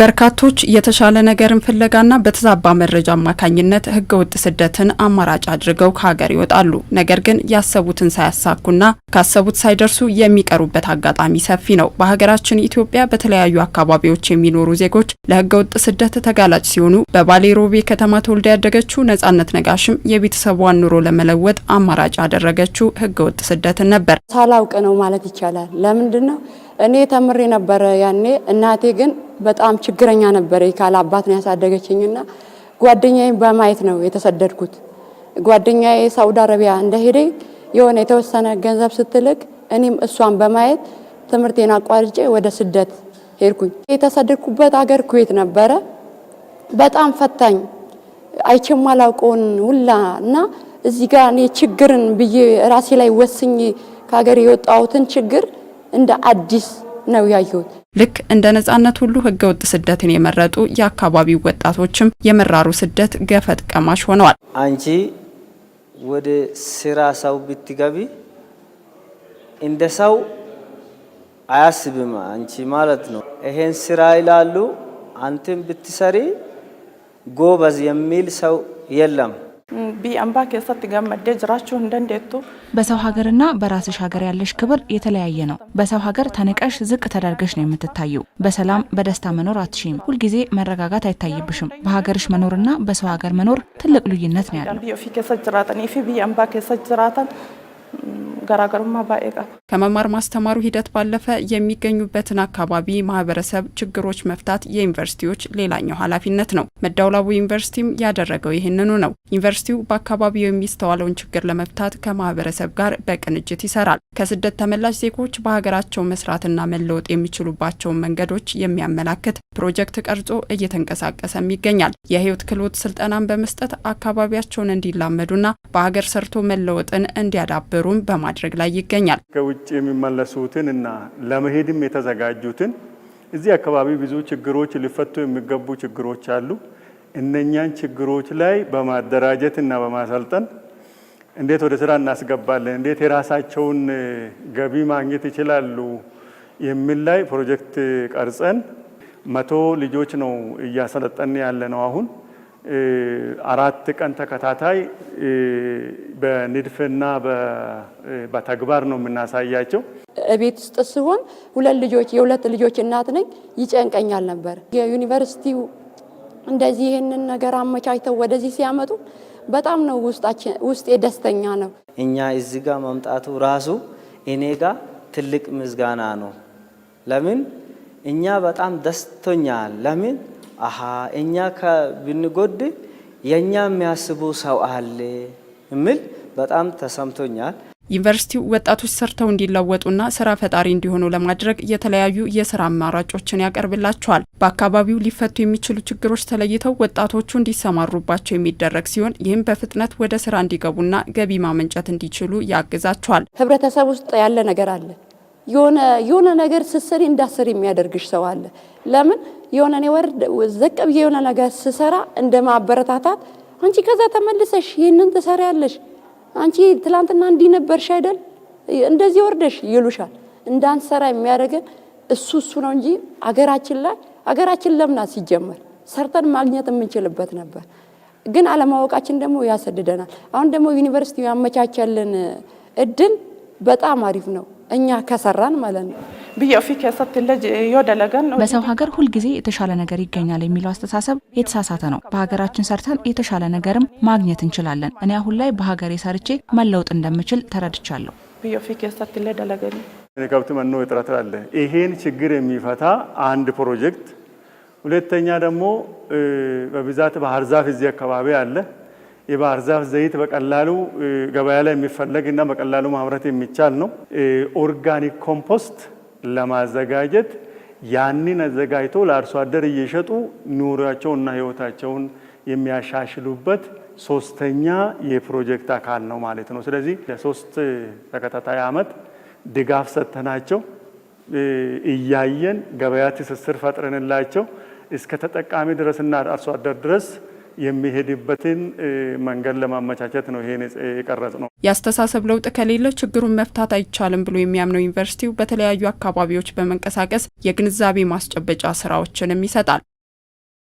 በርካቶች የተሻለ ነገርን ፍለጋና በተዛባ መረጃ አማካኝነት ወጥ ስደትን አማራጭ አድርገው ከሀገር ይወጣሉ። ነገር ግን ያሰቡትን ሳያሳኩና ካሰቡት ሳይደርሱ የሚቀሩበት አጋጣሚ ሰፊ ነው። በሀገራችን ኢትዮጵያ በተለያዩ አካባቢዎች የሚኖሩ ዜጎች ለህገወጥ ስደት ተጋላጭ ሲሆኑ፣ በባሌ ሮቤ ከተማ ተወልዳ ያደገችው ነጻነት ነጋሽም የቤተሰቧን ኑሮ ለመለወጥ አማራጭ ያደረገችው ወጥ ስደትን ነበር። ሳላውቅ ነው ማለት ይቻላል። ለምንድን ነው እኔ ተምሬ ነበረ ያኔ። እናቴ ግን በጣም ችግረኛ ነበረ። ካለ አባት ነው ያሳደገችኝና ጓደኛዬ በማየት ነው የተሰደድኩት። ጓደኛዬ ሳውዲ አረቢያ እንደሄደ የሆነ የተወሰነ ገንዘብ ስትልክ እኔም እሷን በማየት ትምህርቴን አቋርጬ ወደ ስደት ሄድኩኝ። የተሰደድኩበት አገር ኩዌት ነበረ። በጣም ፈታኝ አይቼም አላውቀውን ሁላ እና እዚህ ጋር እኔ ችግርን ብዬ ራሴ ላይ ወስኜ ከሀገር የወጣሁትን ችግር እንደ አዲስ ነው ያየሁት። ልክ እንደ ነጻነት ሁሉ ህገወጥ ስደትን የመረጡ የአካባቢው ወጣቶችም የመራሩ ስደት ገፈት ቀማሽ ሆነዋል። አንቺ ወደ ስራ ሰው ብትገቢ እንደ ሰው አያስብም አንቺ ማለት ነው። ይሄን ስራ ይላሉ አንተም ብትሰሪ ጎበዝ የሚል ሰው የለም። በሰው ሀገርና በራስሽ ሀገር ያለሽ ክብር የተለያየ ነው። በሰው ሀገር ተንቀሽ ዝቅ ተደርገሽ ነው የምትታየው። በሰላም በደስታ መኖር አትሽም። ሁልጊዜ መረጋጋት አይታይብሽም። በሀገርሽ መኖርና በሰው ሀገር መኖር ትልቅ ልዩነት ነው ያለው። ከመማር ማስተማሩ ሂደት ባለፈ የሚገኙበትን አካባቢ ማህበረሰብ ችግሮች መፍታት የዩኒቨርሲቲዎች ሌላኛው ኃላፊነት ነው። መዳውላቡ ዩኒቨርሲቲም ያደረገው ይህንኑ ነው። ዩኒቨርሲቲው በአካባቢው የሚስተዋለውን ችግር ለመፍታት ከማህበረሰብ ጋር በቅንጅት ይሰራል። ከስደት ተመላሽ ዜጎች በሀገራቸው መስራትና መለወጥ የሚችሉባቸውን መንገዶች የሚያመላክት ፕሮጀክት ቀርጾ እየተንቀሳቀሰም ይገኛል። የህይወት ክህሎት ስልጠናን በመስጠት አካባቢያቸውን እንዲላመዱና በሀገር ሰርቶ መለወጥን እንዲያዳብሩም በማድ በማድረግ ላይ ይገኛል። ከውጭ የሚመለሱትን እና ለመሄድም የተዘጋጁትን እዚህ አካባቢ ብዙ ችግሮች ሊፈቱ የሚገቡ ችግሮች አሉ። እነኛን ችግሮች ላይ በማደራጀት እና በማሰልጠን እንዴት ወደ ስራ እናስገባለን፣ እንዴት የራሳቸውን ገቢ ማግኘት ይችላሉ የሚል ላይ ፕሮጀክት ቀርጸን መቶ ልጆች ነው እያሰለጠን ያለ ነው አሁን አራት ቀን ተከታታይ በንድፍና በተግባር ነው የምናሳያቸው። ቤት ውስጥ ሲሆን ሁለት ልጆች የሁለት ልጆች እናት ነኝ፣ ይጨንቀኛል ነበር። የዩኒቨርሲቲው እንደዚህ ይህንን ነገር አመቻችተው ወደዚህ ሲያመጡ በጣም ነው ውስጤ ደስተኛ ነው። እኛ እዚህ ጋር መምጣቱ ራሱ እኔ ጋር ትልቅ ምስጋና ነው። ለምን እኛ በጣም ደስቶኛል። ለምን አሀ እኛ ብንጎድ የእኛ የሚያስቡ ሰው አለ የሚል በጣም ተሰምቶኛል። ዩኒቨርሲቲው ወጣቶች ሰርተው እንዲለወጡና ስራ ፈጣሪ እንዲሆኑ ለማድረግ የተለያዩ የስራ አማራጮችን ያቀርብላቸዋል። በአካባቢው ሊፈቱ የሚችሉ ችግሮች ተለይተው ወጣቶቹ እንዲሰማሩባቸው የሚደረግ ሲሆን ይህም በፍጥነት ወደ ስራ እንዲገቡና ገቢ ማመንጨት እንዲችሉ ያግዛቸዋል። ህብረተሰብ ውስጥ ያለ ነገር አለ። የሆነ ነገር ስትሰሪ እንዳሰሪ የሚያደርግሽ ሰው አለ። ለምን የሆነ እኔ ወርድ ዘቅ ብዬ የሆነ ነገር ስሰራ እንደ ማበረታታት አንቺ ከዛ ተመልሰሽ ይህንን ትሰሪያለሽ፣ አንቺ ትላንትና እንዲህ ነበርሽ አይደል እንደዚህ ወርደሽ ይሉሻል። እንዳንሰራ የሚያደርገን እሱ እሱ ነው እንጂ አገራችን ላይ አገራችን ለምናት ሲጀመር ሰርተን ማግኘት የምንችልበት ነበር። ግን አለማወቃችን ደግሞ ያሰድደናል። አሁን ደግሞ ዩኒቨርሲቲ ያመቻቸልን እድል በጣም አሪፍ ነው። እኛ ከሰራን ማለት ነው። በሰው ሀገር ሁልጊዜ የተሻለ ነገር ይገኛል የሚለው አስተሳሰብ የተሳሳተ ነው። በሀገራችን ሰርተን የተሻለ ነገርም ማግኘት እንችላለን። እኔ አሁን ላይ በሀገሬ ሰርቼ መለውጥ እንደምችል ተረድቻለሁ። ከብት መኖ እጥረት አለ። ይሄን ችግር የሚፈታ አንድ ፕሮጀክት፣ ሁለተኛ ደግሞ በብዛት ባህር ዛፍ እዚህ አካባቢ አለ የባህር ዛፍ ዘይት በቀላሉ ገበያ ላይ የሚፈለግ እና በቀላሉ ማምረት የሚቻል ነው። ኦርጋኒክ ኮምፖስት ለማዘጋጀት ያንን አዘጋጅቶ ለአርሶ አደር እየሸጡ ኑሯቸውና ህይወታቸውን የሚያሻሽሉበት ሶስተኛ የፕሮጀክት አካል ነው ማለት ነው። ስለዚህ ለሶስት ተከታታይ አመት ድጋፍ ሰጥተናቸው እያየን ገበያ ትስስር ፈጥረንላቸው እስከ ተጠቃሚ ድረስና አርሶ አደር ድረስ የሚሄድበትን መንገድ ለማመቻቸት ነው ይሄን የቀረጽ ነው። የአስተሳሰብ ለውጥ ከሌለ ችግሩን መፍታት አይቻልም ብሎ የሚያምነው ዩኒቨርሲቲው በተለያዩ አካባቢዎች በመንቀሳቀስ የግንዛቤ ማስጨበጫ ስራዎችንም ይሰጣል።